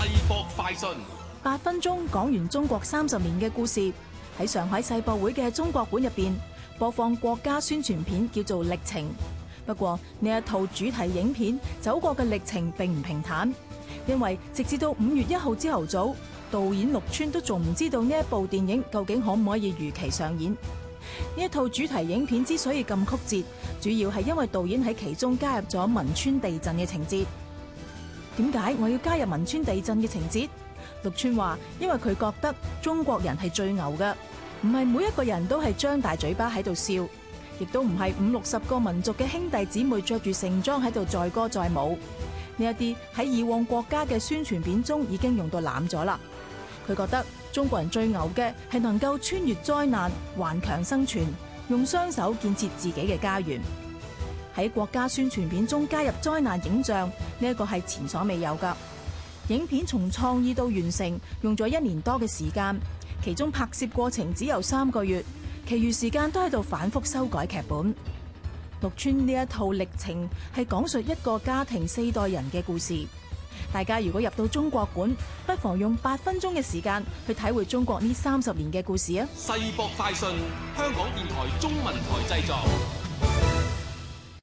世博快訊，八分鐘講完中國三十年嘅故事。喺上海世博會嘅中國館入邊，播放國家宣傳片叫做《歷程》。不過呢一套主題影片走過嘅歷程並唔平坦，因為直至到五月一號朝頭早，導演陸川都仲唔知道呢一部電影究竟可唔可以如期上演。呢一套主題影片之所以咁曲折，主要係因為導演喺其中加入咗汶川地震嘅情節。點解我要加入汶川地震嘅情節？陸川話：因為佢覺得中國人係最牛嘅，唔係每一個人都係張大嘴巴喺度笑，亦都唔係五六十個民族嘅兄弟姊妹着住盛裝喺度載歌載舞。呢一啲喺以往國家嘅宣傳片中已經用到濫咗啦。佢覺得中國人最牛嘅係能夠穿越災難，頑強生存，用雙手建設自己嘅家園。喺國家宣傳片中加入災難影像，呢個係前所未有噶。影片從創意到完成用咗一年多嘅時間，其中拍攝過程只有三個月，其餘時間都喺度反覆修改劇本。陸川呢一套歷程係講述一個家庭四代人嘅故事。大家如果入到中國館，不妨用八分鐘嘅時間去體會中國呢三十年嘅故事啊！世博快訊，香港電台中文台製作。